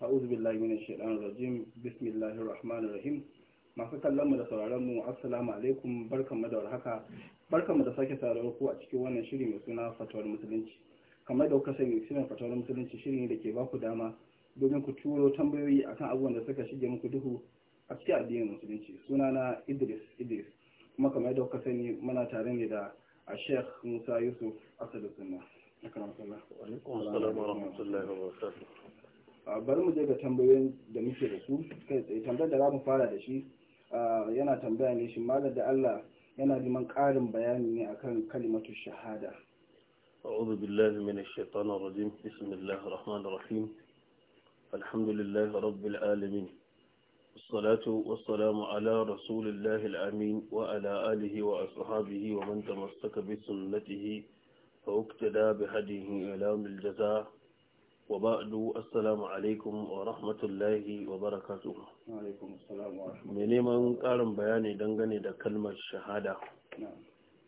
a'udhu billahi minash shaitanir rajim bismillahir rahmanir rahim masu kallon mu da sauraron mu assalamu alaikum barkamu da warhaka barkamu da sake sauraron ku a cikin wannan shiri mai suna fatawar musulunci kamar da kuka sani shirin fatawar musulunci shiri ne da ke baku dama domin ku turo tambayoyi akan abubuwan da suka shige muku duhu a cikin addinin musulunci suna na Idris Idris kuma kamar da kuka sani muna tare ne da a Sheikh Musa Yusuf Asadu Sunna. Assalamu alaikum wa rahmatullahi wa barakatuh. bari mu je ga tambayoyin da muke da su kai tsaye tambayar da za mu fara da shi yana tambaya ne shi malar da Allah yana neman ƙarin bayani ne akan kalimatu shahada أعوذ بالله من الشيطان الرجيم بسم الله الرحمن الرحيم الحمد لله رب العالمين والصلاة والسلام على رسول الله الأمين وعلى آله وأصحابه ومن تمسك بسنته فاقتدى بهديه إلى الجزاء وبعد السلام عليكم ورحمة الله وبركاته وعليكم السلام neman ƙarin bayani dangane da kalmar shahada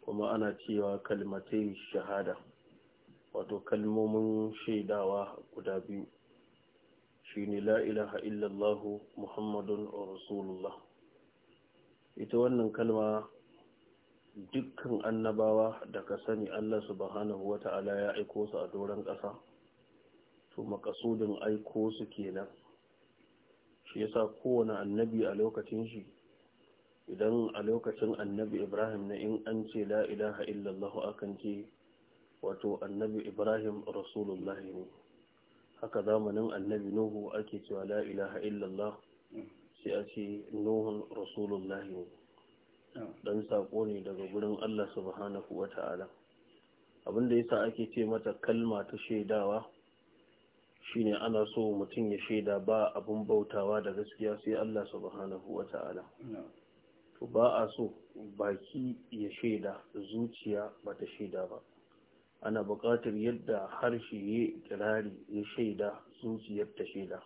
kuma ana cewa kalmatai shahada wato kalmomin shaidawa guda biyu shine la ilaha illallah muhammadun rasulullah ita wannan kalma dukkan annabawa da ka sani Allah subhanahu wata'ala ya aiko su a doron ƙasa to makasudin aiko su kenan shi yasa kowane annabi a lokacin shi idan a lokacin annabi ibrahim na in an ce la ilaha illallah akan ce wato annabi ibrahim rasulullahi ne haka zamanin annabi nuhu ake cewa la ilaha illallah sai a ce nuhun rasulullahi ne dan sako ne daga gurin Allah subhanahu wa ta'ala abinda yasa ake ce mata kalma ta shaidawa shine ana so mutum ya shaida ba abun bautawa da gaskiya sai Allah subhanahu wa ta'ala to ba a so baki ya shaida zuciya ba ta shaida ba ana buƙatar yadda harshe ya kirari ya shaida zuciyar ta shaida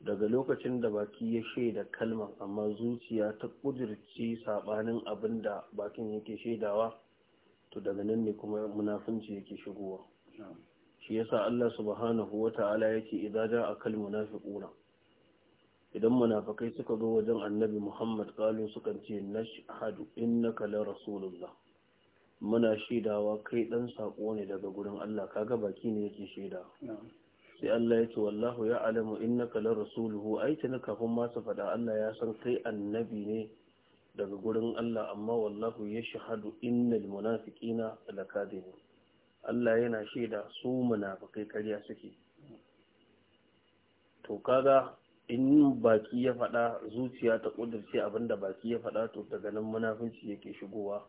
daga lokacin da baki ya shaida kalmar amma zuciya ta ƙudurci saɓanin abin da bakin yake shaidawa to daga nan ne kuma munafunci yake shigowa shi yasa Allah subhanahu wata'ala yake idza ja'a kal munafiquna idan munafikai suka zo wajen annabi Muhammad kalu suka ce nashhadu innaka la rasulullah muna shaidawa kai dan sako ne daga gurin Allah kaga baki ne yake shaida sai Allah ya ce wallahu ya alamu innaka la rasuluhu ai tana kafin ma su faɗa Allah ya san kai annabi ne daga gurin Allah amma wallahu ya shahadu innal munafiqina lakadibun Allah yana shaida su munafikai kariya suke to kaga in baki ya faɗa zuciya ta kudurce abinda baki ya faɗa to daga nan munafinci yake shigowa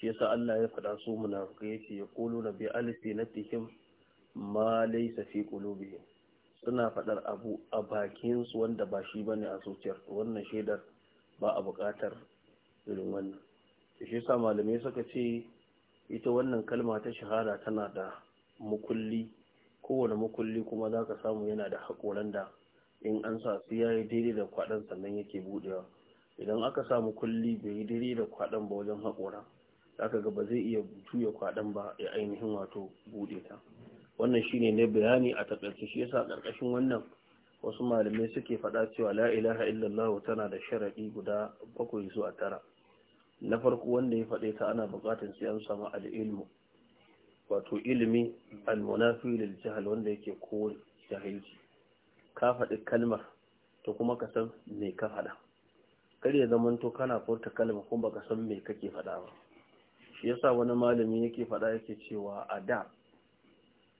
shi yasa Allah ya faɗa su munafikai yace ya kulu na bi alsinatihim ma laysa fi qulubihim suna faɗar abu a bakin su wanda ba shi bane a zuciyar wannan shaidar ba a buƙatar irin wannan shi yasa malamai suka ce ita wannan kalma ta shahara tana da mukulli kowane mukulli kuma za ka samu yana da haƙoran da in an sa su ya yi daidai da kwaɗan sannan yake buɗewa idan aka sa mukulli bai yi daidai da kwaɗan ba wajen haƙora za ka ga ba zai iya juya kwaɗan ba ya ainihin wato buɗe ta wannan shine ne bayani a takaice shi yasa ƙarƙashin wannan wasu malamai suke faɗa cewa la ilaha illallah tana da sharaɗi guda bakwai zuwa tara na farko wanda ya faɗe ta ana buƙatar sai an samu al'ilmu wato ilimi al-munafi lil jahl wanda yake ko jahilci ka faɗi kalmar to kuma ka san me ka faɗa kar ya zama to kana furta kalma kuma baka san me kake faɗa ba shi yasa wani malami yake faɗa yake cewa a da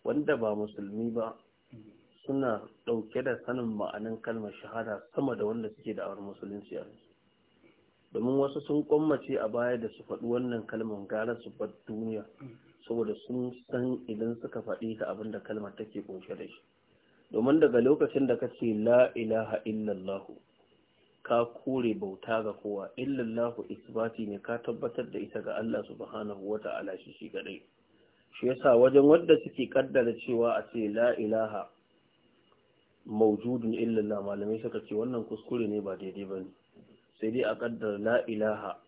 wanda ba musulmi ba suna ɗauke da sanin ma'anin kalmar shahada sama da wanda suke da awar musulunci a yanzu domin wasu sun kwammace a baya da su faɗi wannan kalmar gara su bar duniya saboda sun san idan suka faɗi ta abin da kalmar take ƙunshe da shi domin daga lokacin da ka ce la ilaha illallahu ka kore bauta ga kowa illallahu isbati ne ka tabbatar da ita ga Allah subhanahu wa ta'ala shi shi kadai shi yasa wajen wadda suke kaddara cewa a ce la ilaha maujudun illallah malamai suka ce wannan kuskure ne ba daidai bane sai dai a kaddar la ilaha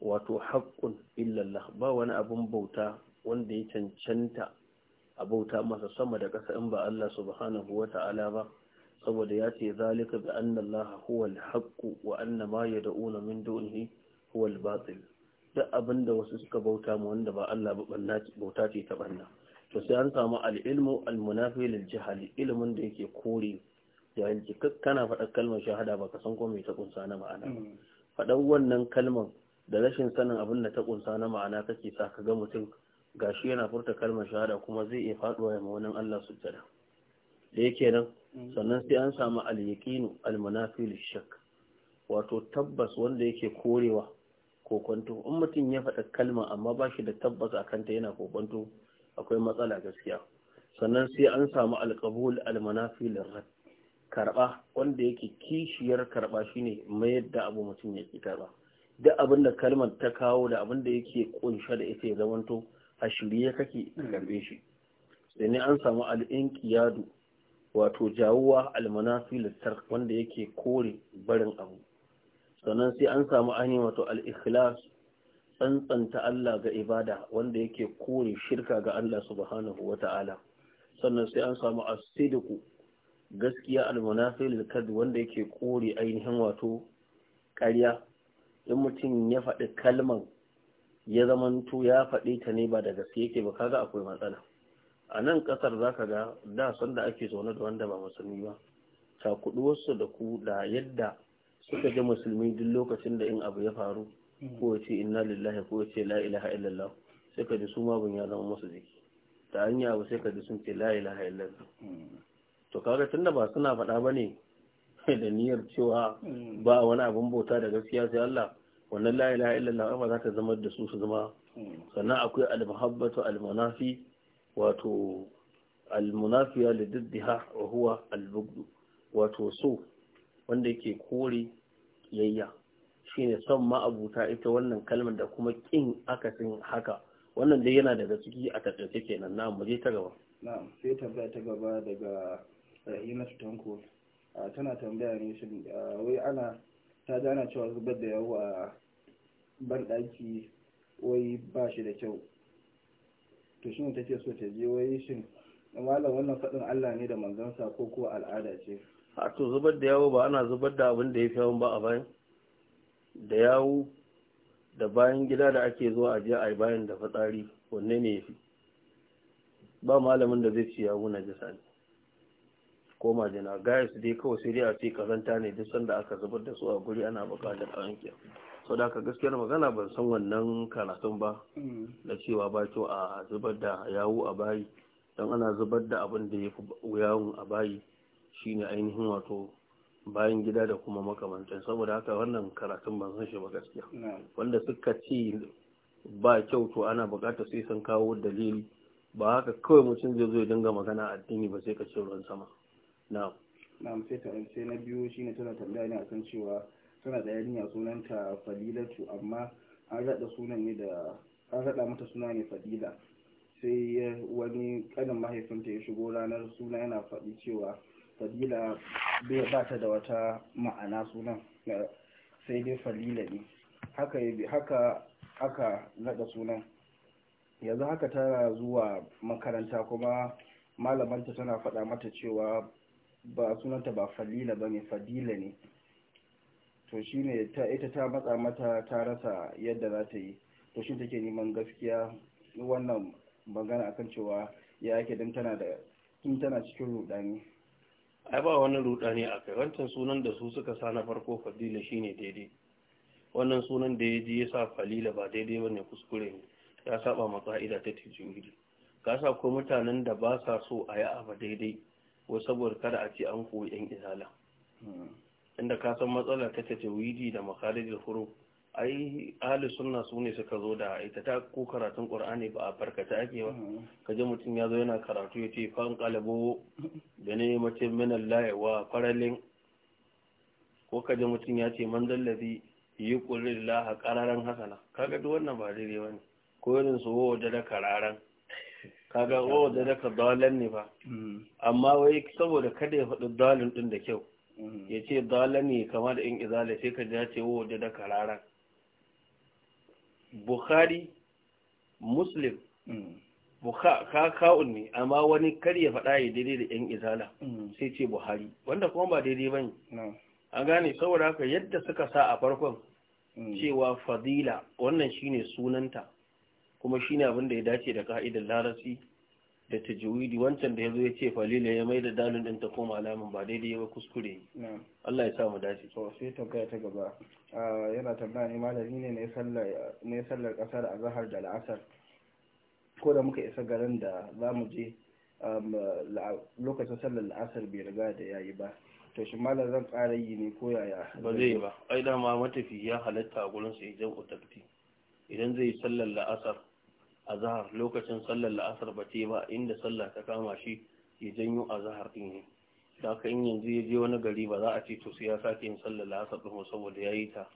wato haƙƙun illallah ba wani abin bauta wanda ya cancanta a bauta masa sama da ƙasa in ba Allah subhanahu wa ta'ala ba saboda ya ce zalika bi anna Allah huwa al-haqqu wa anna ma yad'una min dunihi huwa al-batil duk abinda wasu suka bauta mu wanda ba Allah ba banna bauta ce ta banna to sai an samu al-ilmu al-munafi lil jahali ilimin da yake kore yayin ci kana faɗa kalmar shahada ba ka san ko mai ta kunsa na ma'ana mm. faɗar wannan kalmar da rashin sanin abin da ta kunsa na ma'ana kake sa ka ga mutum gashi yana furta kalmar shahada kuma zai iya faɗuwa ya mawanin Allah su sujjada da yake nan mm. sannan sai an samu al almanafil shak wato tabbas wanda yake korewa kokonto in mutum ya faɗa kalma amma ba shi da tabbas a kanta yana kokonto akwai matsala gaskiya sannan sai an samu alƙabul almanafil rad karɓa wanda yake kishiyar karɓa shine mayar da abu mutum ya karba duk abin da kalmar ta kawo da abin da yake kunsha da ita ya zamanto a shirye kake karɓe shi sai ne an samu al'inqiyadu wato jawuwa almanafi littar wanda yake kore barin abu sannan sai an samu ainihin wato al-ikhlas tsantsanta Allah ga ibada wanda yake kore shirka ga Allah subhanahu wata'ala sannan sai an samu as gaskiya almunafil kad wanda yake kore ainihin wato ƙarya in mutum ya faɗi kalman ya zamanto ya faɗi ta ne ba da gaske yake ba kaga akwai matsala a nan ƙasar ka ga da sanda ake zaune da wanda ba musulmi ba ta wasu da ku da yadda suka ji musulmi duk lokacin da in abu ya faru ko ya ce inna lillahi ko ya ce la ilaha illallah sai ka ji su ma ya zama musu jiki ta hanya abu sai ka ji sun ce la ilaha illallah to kaga tunda ba suna faɗa ba ne da niyyar cewa mm. ba wani abin bauta da gaskiya sai Allah wannan la ilaha illallah amma za ta zama da su su zama mm. sannan akwai al-muhabbatu al-munafi wato al-munafiya wa huwa al-bughd wato so wanda yake kore yayya shine son abuta ita wannan kalmar da kuma kin akasin haka wannan dai yana daga ciki a tattace kenan na mu je ta gaba na'am sai tabbata ta gaba daga rahilatu tanko tana tambaya ne shi wai ana ta gana cewa zubar da yawa a banɗaki wai ba shi da kyau to shi ne ke so ta je wai shi malam wannan faɗin Allah ne da manzansa ko kuwa al'ada ce a to zubar da yawo ba ana zubar da abin da ya fi yawan ba a bayan da yawo da bayan gida da ake zuwa a je a yi bayan da fatsari wanne ne ya fi ba malamin da zai ci yawo na jisa ne ko majina gaya dai kawai sai dai a ce kazanta ne duk sanda aka zubar da su a guri ana bukatar a sau da aka gaskiyar magana ban san wannan karatun ba na cewa ba kyau a zubar da yawo a bayi don ana zubar da abin da ya fi yawun a bayi shine ainihin wato bayan gida da kuma makamantan saboda haka wannan karatun ban san shi ba gaskiya wanda suka ce ba kyau to ana bukatar sai sun kawo dalili ba haka kawai mutum zai zo ya dinga magana addini ba sai ka ce ruwan sama na'am na'am sai sai na biyu shine tana tambaya ne akan cewa tana da yarinya sunanta Fadilatu amma an rada sunan ne da an rada mata suna ne Fadila sai wani kanin mahaifinta ya shigo ranar suna yana faɗi cewa fadila ba ta da wata ma'ana sunan sai dai falila ne haka haka aka naɗa sunan yanzu haka tana zuwa makaranta kuma malamanta tana faɗa mata cewa ba sunanta ba falila ba ne fadila ne to shi ne ita ta matsa mata ta rasa yadda za ta yi to shi take neman gaskiya wannan magana akan cewa ya yake don tana da tun tana cikin rudani ai ba wani rudani a kai wancan sunan da su suka sa na farko fadila shine daidai wannan sunan da ya ji ya sa falila ba daidai ba ne kuskure ne ya saba matsa'ida ta tijiri ka sa ko mutanen da ba sa so a yi abu daidai ko saboda kada a ce an koyi yan izala inda ka san matsalar ta ce tawidi da makarijin huru ai ahli sunna su ne suka zo da ita ta ko karatun qur'ani ba a farkata ake ba mm-hmm. kaje mutum ya zo yana karatu ya ce fan da ne mace min wa faralin ko kaje mutum ya ce man dallazi yuqulillah qararan hasana kaga duk wannan ba daidai ne ko irin su wo da kararan kaga o oh, da daga dalan ne ba mm. amma wai saboda kada ya faɗi dalin ɗin da kyau mm. ya ce dalan ne kama da in izala sai ka ja ce o oh, da daga rara mm. bukhari muslim ka ka'un ne amma wani kar ya faɗa ya daidai da yan izala sai ce buhari wanda kuma ba daidai ba ne a gane saboda haka yadda suka sa a farkon cewa fadila wannan shine sunanta kuma shi ne abin da ya dace da ka'idar larasi da juwidi wancan da ya zo ya ce falila ya mai da dalin din ta koma alamin ba daidai ya ba kuskure Allah ya sa dace to sai kai ta gaba ah, yana tambaya ne malami ne na sallar ne sallar kasar azhar da al'asar ko da muka isa garin da za mu je um, lokacin sallar la'asar bai riga da yayi ba to shi malar zan ƙara yi ne ko yaya ba zai yi ba ai dama matafi ya halatta a gurin sai takti idan zai sallar la'asar azhar lokacin sallar la'asar ba ce ba inda sallah ta kama shi ke janyo azhar din ne da haka in yanzu ya je wani gari ba za a ce to sai ya sake yin sallar la'asar din saboda ya yi ta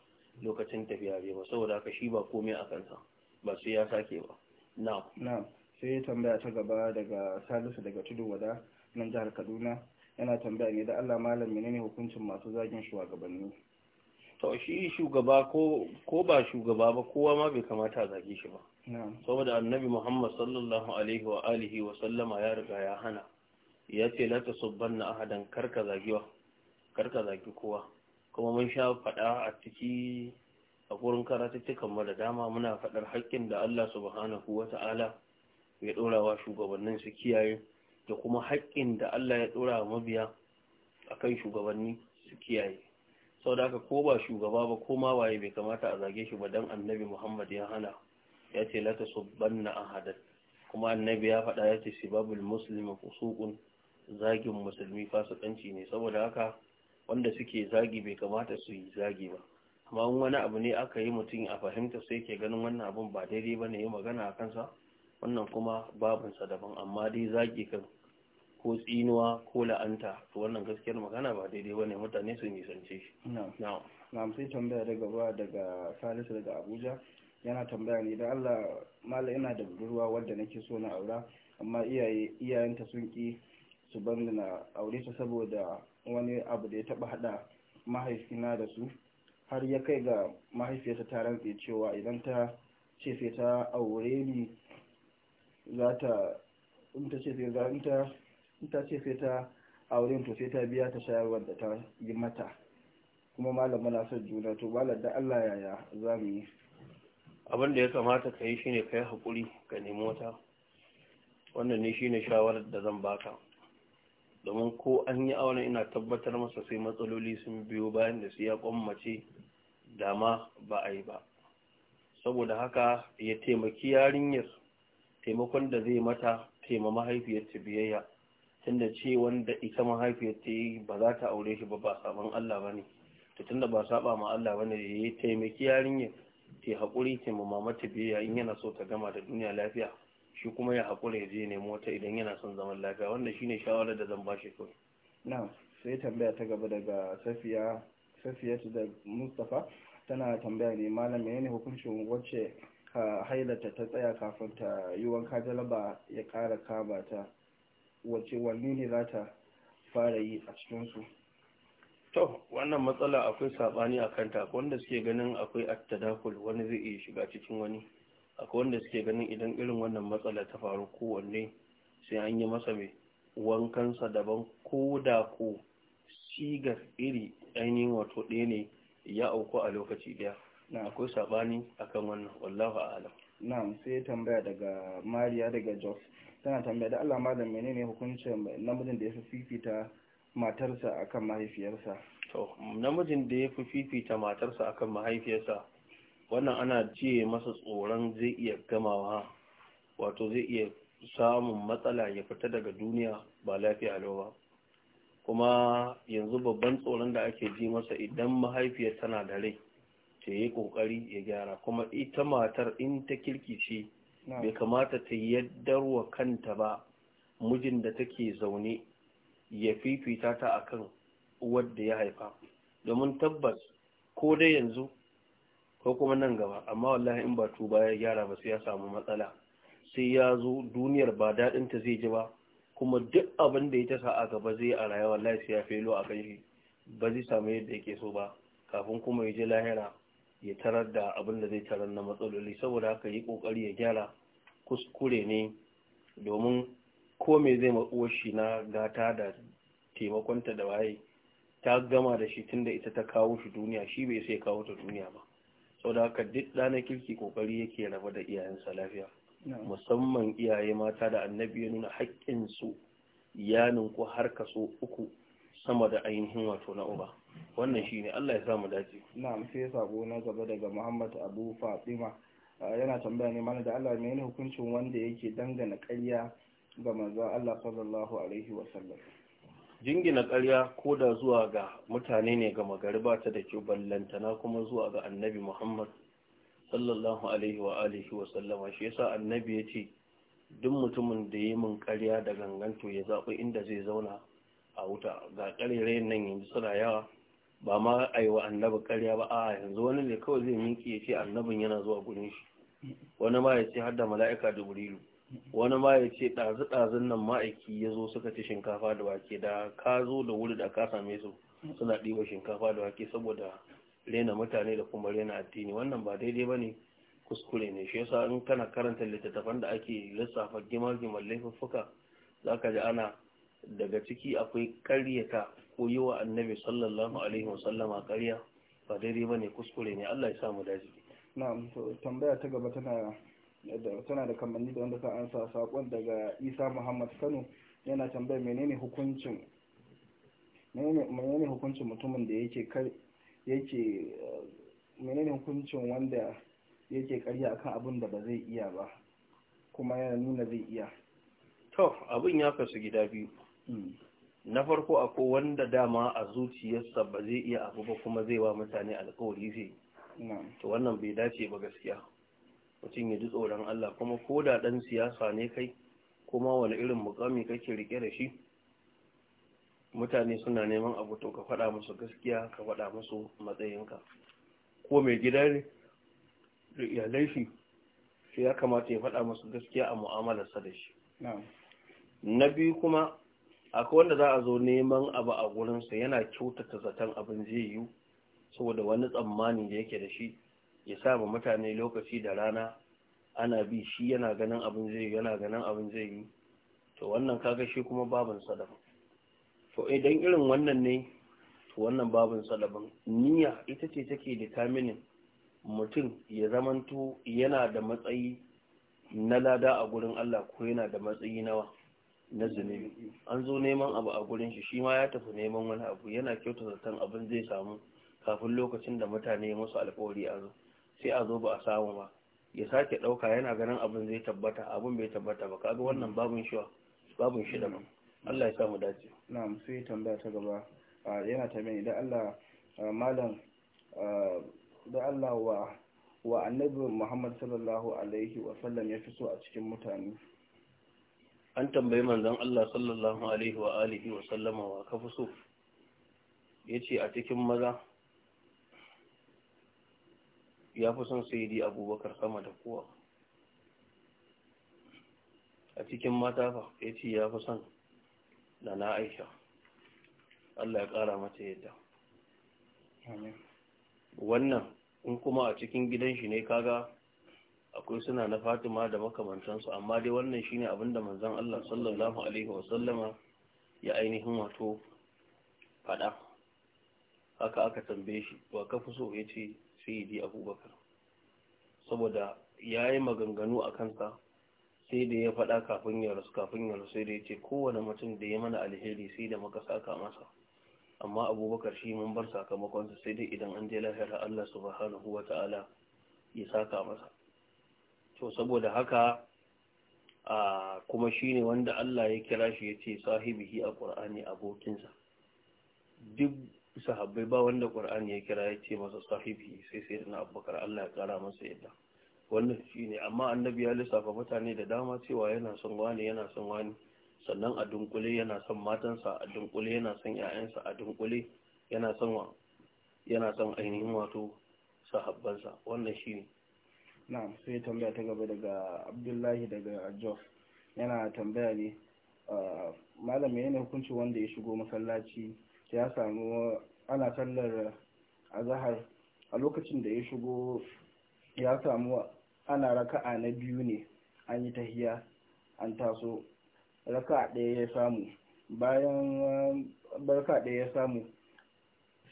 lokacin tafiya ne ba saboda haka shi ba komai a kansa ba sai ya sake ba na'am na'am sai tambaya ta gaba daga salisu daga tudu wada nan jihar kaduna yana tambaya ne da allah malam menene hukuncin masu zagin shugabanni to shi shugaba ko ba shugaba ba kowa ma bai kamata a zage shi ba saboda annabi muhammad sallallahu alaihi wa alihi wa sallama ya riga ya hana ya ce la na ahadan karka zagiwa karka zagi kowa kuma mun sha faɗa a ciki a gurin karatuttukan mu da dama muna faɗar haƙƙin da Allah subhanahu ta'ala ya ɗora wa shugabannin su kiyaye da kuma haƙƙin da Allah ya ɗora mabiya akan shugabanni su kiyaye saboda haka ko ba shugaba ba ko ma waye bai kamata a zage shi ba dan annabi muhammad ya hana ya ce la a ahadan kuma annabi ya faɗa ya ce sibabul muslimi fusuqun zagin musulmi fasikanci ne saboda haka wanda suke zagi bai kamata su yi zagi ba amma wani abu ne aka yi mutum a fahimta sai ke ganin wannan abun ba daidai ba ne ya magana a kansa wannan kuma babinsa daban amma dai zagi kan ko tsinuwa ko la'anta to wannan gaskiyar magana ba daidai ba ne mutane su nisance shi na sai tambaya daga ba daga salisu daga abuja yana tambaya ne da Allah mala ina da budurwa wadda nake so na aura amma iyaye iyayenta sun ki su bar ni na aure ta saboda wani abu da ya taba hada mahaifina da su har ya kai ga mahaifiyarsa ta rantse cewa idan ta ce sai ta aure ni za ta in ta ce sai za ta in ta ce sai ta aure to sai ta biya ta shayarwar da ta yi mata kuma malam muna son juna to malam da Allah yaya za mu yi abin da ya kamata ka yi shine kai hakuri ka nemi wata wannan ne shine shawarar da zan baka domin ko an yi auren ina tabbatar masa sai matsaloli sun biyo bayan da su ya kwammace dama ba a yi ba saboda haka ya taimaki yarinyar taimakon da zai mata taima mahaifiyar biyayya tunda ce wanda ita mahaifiyar ta yi ba za ta aure shi ba ba saban Allah ne to tunda ba saba ma Allah ne ya taimaki yarinyar ce haƙuri ce mu mama ta biyayya in yana so ta gama da duniya lafiya shi kuma ya haƙura ya je nemo ta idan yana son zaman lafiya shi shine shawarar da zan ba shi kawai na sai tambaya ta gaba daga safiya safiya da mustapha tana tambaya ne malam ne hukuncin wacce hailata ta tsaya kafin ta yi wanka jalaba ya kara kaba ta wacce wanne ne za ta fara yi a cikinsu to wannan matsala akwai sabani a kanta wanda suke ganin akwai attadakul wani zai iya shiga cikin wani akwai wanda suke ganin idan irin wannan matsala ta faru kowanne sai an yi masa mai wankansa daban ko da ko sigar iri ainihin wato ɗaya ne ya auku a lokaci ɗaya na akwai a akan wannan wallahu a'alam na sai tambaya daga mariya daga jos tana tambaya da allah malam menene hukuncin namijin da ya fi fifita matarsa akan mahaifiyarsa to namijin da ya fi fifita matarsa akan mahaifiyarsa wannan ana ce masa tsoron zai iya gamawa wato zai iya samun matsala ya fita daga duniya ba lafiya lau ba kuma yanzu babban tsoron da ake ji masa idan mahaifiyar tana da rai ta yi kokari ya gyara kuma ita matar in ta kirkice bai kamata ta yi yaddarwa kanta ba mijin da take zaune ya fifita ta a kan wadda ya haifa domin tabbas ko dai yanzu ko kuma nan gaba amma wallahi in ba tuba ya gyara ba sai ya samu matsala sai ya zo duniyar ba daɗin zai ji ba kuma duk abin da ya tasa a gaba zai a rayuwa wallahi sai ya felo a kan shi ba zai samu yadda yake so ba kafin kuma ya ji lahira ya tarar da abin da zai tarar na matsaloli saboda haka yi kokari ya gyara kuskure ne domin ko me zai matsuwar shi na gata da taimakonta da waye ta gama da shi tunda ita ta kawo shi duniya shi bai sai kawo ta duniya ba sau da haka duk ɗana kirki kokari yake raba da iyayensa lafiya musamman iyaye mata da annabi ya nuna haƙƙinsu ya ninku har kaso uku sama da ainihin wato na uba wannan shi ne allah ya sa mu dace na'am sai sako na gaba daga muhammad abu fatima yana tambaya ne mana da allah mai hukuncin wanda yake dangana ƙarya ga maza Allah sallallahu alaihi wasallam jingina ƙarya ko da zuwa ga mutane ne ga magari ba ta da kyau ballantana kuma zuwa ga annabi Muhammad sallallahu alaihi wa alihi wa shi yasa annabi ya ce duk mutumin da ya min ƙarya da ganganto ya zaɓi inda zai zauna a wuta ga ƙarere nan yanzu suna yawa ba ma a annabi ƙarya ba a yanzu wani ne kawai zai minki ya ce annabin yana zuwa gurin shi wani ma ya ce har da mala'ika da jibrilu wani ma ya ce ɗazu-ɗazun nan ma'aiki ya zo suka ci shinkafa da wake da ka zo da wuri da ka same su suna ɗiba shinkafa da wake saboda rena mutane da kuma rena addini wannan ba daidai ba ne kuskure ne shi yasa in kana karanta littattafan da ake lissafa gima-giman laifuffuka za ka ji ana daga ciki akwai karyata ko yi wa annabi sallallahu alaihi wasallama karya ba daidai ba ne kuskure ne allah ya samu daji na tambaya ta gaba tana tana da kamanni da wanda ka ansa sakon daga isa muhammad kano yana tambaya menene hukuncin menene hukuncin mutumin da yake yake menene hukuncin wanda yake karya akan abin da ba zai iya ba kuma yana nuna zai iya to abin ya kasu gida biyu hmm. na farko ako wanda dama a zuciyarsa ba zai iya abu ba kuma zai wa mutane alkawari zai to wannan bai dace ba gaskiya mutum ya ji tsoron Allah kuma ko da ɗan siyasa ne kai kuma wani irin mukami kake rike da shi mutane suna neman abu to ka faɗa musu gaskiya ka faɗa musu matsayinka ko mai gida ne da iyalai shi shi ya kamata ya faɗa musu gaskiya a mu'amalarsa da shi na biyu kuma akwai wanda za a zo neman abu a gurinsa yana kyautata zaton abin zai yiwu saboda wani tsammani da yake da shi ya sa ba mutane lokaci da rana ana bi shi yana ganin abin zai yana ganin abin zai yi to wannan kaga shi kuma babin sadaka to idan irin wannan ne to wannan babin sadaban niyya ita ce take determining mutum ya zamanto yana da matsayi na lada a gurin Allah ko yana da matsayi nawa na zunubi an zo neman abu a gurin shi shi ma ya tafi neman wani abu yana kyautata zaton abin zai samu kafin lokacin da mutane masu alkawari a zo sai a zo ba a samu ba ya sake ɗauka yana ganin abin zai tabbata abin bai tabbata ba kaga wannan babin shi babin shi daban Allah ya sa mu dace na'am sai tambaya ta gaba yana tambaya idan Allah malam da Allah wa wa annabi Muhammad sallallahu alaihi wa sallam ya fi so a cikin mutane an tambayi manzon Allah sallallahu alaihi wa alihi wa sallama wa kafi so yace a cikin maza ya fi son sayidi abubakar sama da kowa a cikin mata fa ya ce ya fi son da na aisha Allah ya kara mata yadda wannan in kuma a cikin gidan shi ne kaga akwai suna na fatima da makamantansu amma dai wannan shi ne abinda manzan Allah sallallahu Alaihi wasallama ya ainihin wato fada haka aka tambaye shi ba kafi so ya ce sayyidi abubakar saboda ya yi maganganu a kansa sai da ya faɗa kafin ya rasu kafin ya rasu sai da ya ce kowane mutum da ya mana alheri sai da muka saka masa amma abubakar shi mun bar sakamakonsa sai dai idan an je lahira Allah subhanahu wa ta'ala ya saka masa to saboda haka a kuma shi ne wanda Allah ya kira shi ya ce sahibihi a ƙur'ani abokinsa duk sahabbai ba wanda qur'ani ya kira ya ce masa sahibi sai sai na abubakar Allah ya kara masa yadda wannan shi ne amma annabi ya lissafa mutane da dama cewa yana son wani yana son wani sannan a dunkule yana son matansa a dunkule yana son sa a dunkule yana son wa yana son ainihin wato sahabbansa wannan shi ne na'am sai tambaya ta gaba daga abdullahi daga jos yana tambaya ne ah, malam yana hukunci wanda ya shigo masallaci ya samu ana sallar azahar a lokacin da ya shigo ya samu ana raka'a na biyu ne an yi tahiya an taso raka'a ɗaya ya samu bayan barka ɗaya ya samu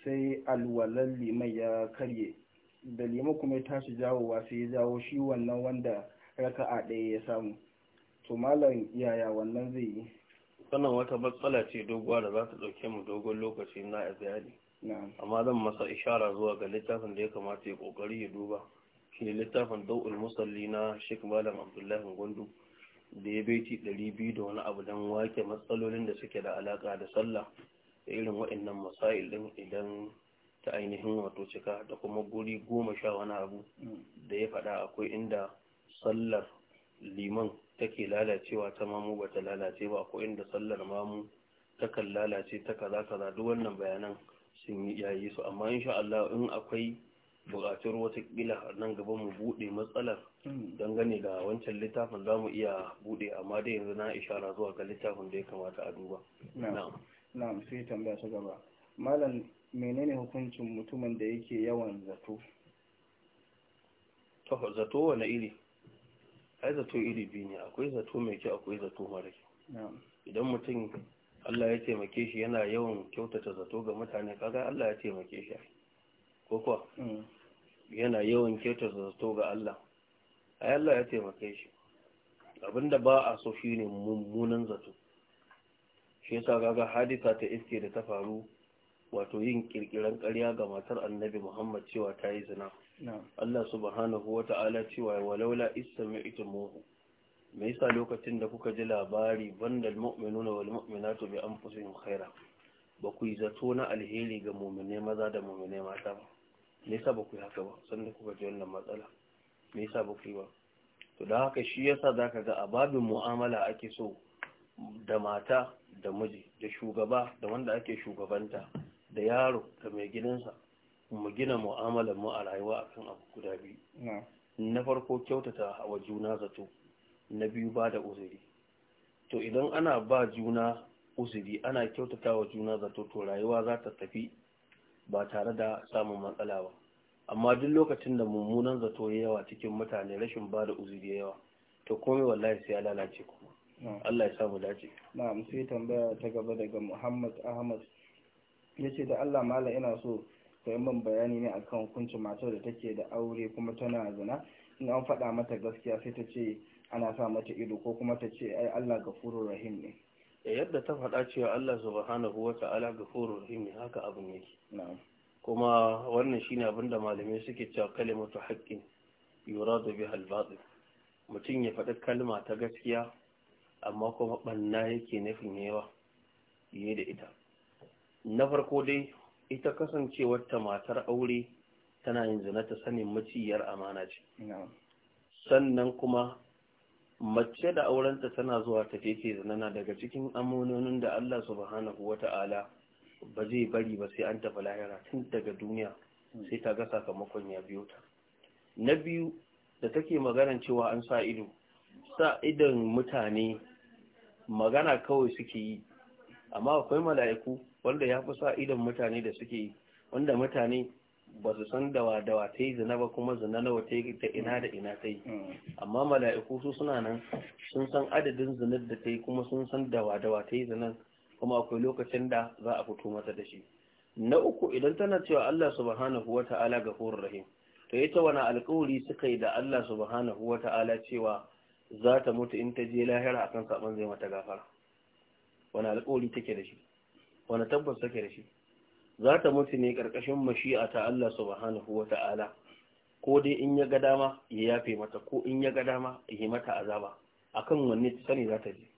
sai alwalar liman ya karye da lima kuma ya tashi jawowa sai ya jawo shi wannan wanda raka'a ɗaya ya samu to malam yaya wannan zai yi sannan wata matsala ce doguwa da za ta ɗauke mu dogon lokaci na ziyari amma zan masa ishara zuwa ga littafin da ya kamata ya kokari ya duba shi ne littafin dau'ul musalli na shek malam abdullahi gundu da ya beci ɗari biyu da wani abu don wake matsalolin da suke da alaƙa da sallah da irin waɗannan masail ɗin idan ta ainihin wato cika da kuma guri goma sha wani abu mm. da ya faɗa akwai inda sallar liman take lalacewa ta mamu ba ta lalace ba ko inda sallar mamu takan lalace ta kaza kaza duk wannan bayanan sun yi yayi su amma insha Allah in akwai buƙatar watakila nan gaba mu bude matsalar hmm. dangane ga wancan littafin za iya bude amma dai yanzu na ishara zuwa ga littafin da ya kamata a duba na'am sai tambaya ta gaba malam menene hukuncin mutumin da yake yawan zato zato wani iri ai zato iri biyu ne akwai zato mai kyau akwai zato mara kyau idan mutum Allah ya taimake shi yana yawan kyautata zato ga mutane kaga Allah ya taimake shi ko kuwa mm. yana yawan kyautata zato ga Allah ai Allah ya taimake shi abinda ba a so shine mummunan zato shi yasa kaga hadisa ta iske da ta faru wato yin kirkiran ƙarya ga matar annabi Muhammad cewa ta yi zina. Allah subhanahu wa ta'ala cewa walaula isami ita mohu Me yasa lokacin da kuka ji labari banda mu'minuna wal mu'minatu bi anfusihim khaira. Ba ku yi zato na alheri ga mu'mine maza da mu'mine mata ba. Me yasa ba ku yi haka ba sanda kuka ji wannan matsala? Me yasa ba ku yi ba? To da haka shi yasa zaka ga a babin mu'amala ake so da mata da miji da shugaba da wanda ake shugabanta da yaro da mai gidansa mu gina mu'amalar mu a rayuwa akan abu guda biyu na farko kyautata wa juna zato na biyu ba da uzuri to idan ana ba juna uzuri ana kyautata wa juna zato to rayuwa za ta tafi ba tare da samun matsala ba amma duk lokacin da mummunan zato ya yawa cikin mutane rashin ba da uzuri ya yawa to komai wallahi sai ya lalace kuma Allah ya samu dace na'am sai tambaya ta gaba daga Muhammad Ahmad ya ce da Allah mala ina so ta yi min bayani ne akan hukuncin matar da take da aure kuma tana zina in an faɗa mata gaskiya sai ta ce ana sa mata ido ko kuma ta ce ai Allah gafuru rahim ne yadda ta faɗa cewa Allah subhanahu wa ta'ala gafuru rahim ne haka abin yake kuma wannan shine abin da malamai suke cewa kalimatu haqqin yuradu biha al-batil mutum ya faɗi kalma ta gaskiya amma kuma ɓanna yake nufin yawa fiye da ita na farko dai ita kasancewar ta matar aure tana yin zina ta sanin maciyar amana ce sannan kuma mace da aurenta tana zuwa ta zina zinana daga cikin amononin da Allah subhanahu wata'ala ba zai bari ba sai an tafi lahira tun daga duniya sai ta ga sakamakon ya biyo ta na biyu da take maganan cewa an sa ido sa idon mutane magana kawai suke yi amma akwai mala'iku wanda ya fi sa idon mutane da suke yi wanda mutane ba su san dawa dawa ta yi zina ba kuma zina nawa ta yi ta ina da ina ta yi mm. amma mala'iku su suna nan sun san adadin zina da ta yi kuma sun san dawa dawa ta yi zina kuma akwai lokacin da za a fito mata da shi na uku idan tana cewa Allah subhanahu wa ta'ala ga rahim to ita wani alƙawari suka yi da Allah subhanahu wa ta'ala cewa za ta mutu in ta je lahira akan saman zai mata gafara wani alƙawari take da shi wani tabbas take da shi za ta mutu ne ƙarƙashin mashi'a ta Allah subhanahu wa ta'ala ko dai in ya ga dama ya yafe mata ko in ya ga dama yi mata azaba akan wanne ta sani za ta je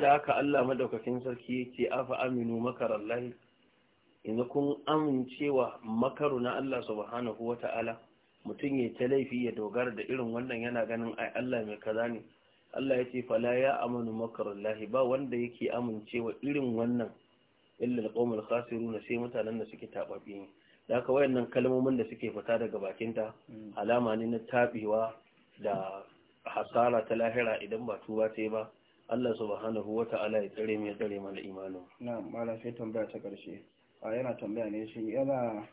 da haka Allah madaukakin sarki yake afa aminu makarallahi yanzu kun amincewa makaru na Allah subhanahu wa ta'ala mutum ya ta laifi ya dogara da irin wannan yana ganin ai Allah mai kaza ne Allah ya ce fala ya amanu makarallahi ba wanda yake amincewa irin wannan illa alqawmul khasiruna sai mutanen da suke tababbi ne da ka wayannan kalmomin da suke fita daga bakinta mm. alama ne na tabewa da hasara ta lahira idan ba tuba ta ba Allah subhanahu wata'ala ya tsare mu ya tsare mana imanin na'am mala sai tambaya ta karshe a yana tambaya ne shi yana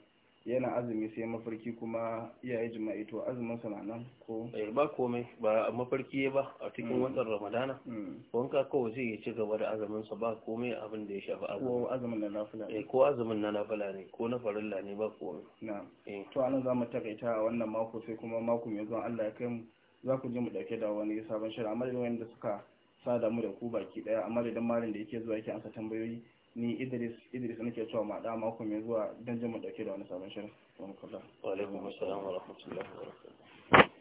yana azumi sai mafarki kuma ya yi jima'i to azumin sa nan ko eh, ba komai ba mafarki ba a cikin mm. watan ramadana mm. wanka kawai zai ci gaba da azumin sa ba komai abin da ya shafi azumin ko azumin na nafila ne eh, ko azumin na nafila ne ko na farilla ne ba komai na'am eh. to anan zamu takaita a wannan mako sai kuma mako mai zuwa Allah ya kai mu za ku ji mu dauke da wani sabon shirin amma da wanda suka sada mu da ku baki daya amma da dan malin da yake zuwa yake ansa tambayoyi ni idris idris nake cewa ma da mako mai zuwa don jin mu dauke da wani sabon shirin wa alaikum assalam wa rahmatullahi wa barakatuh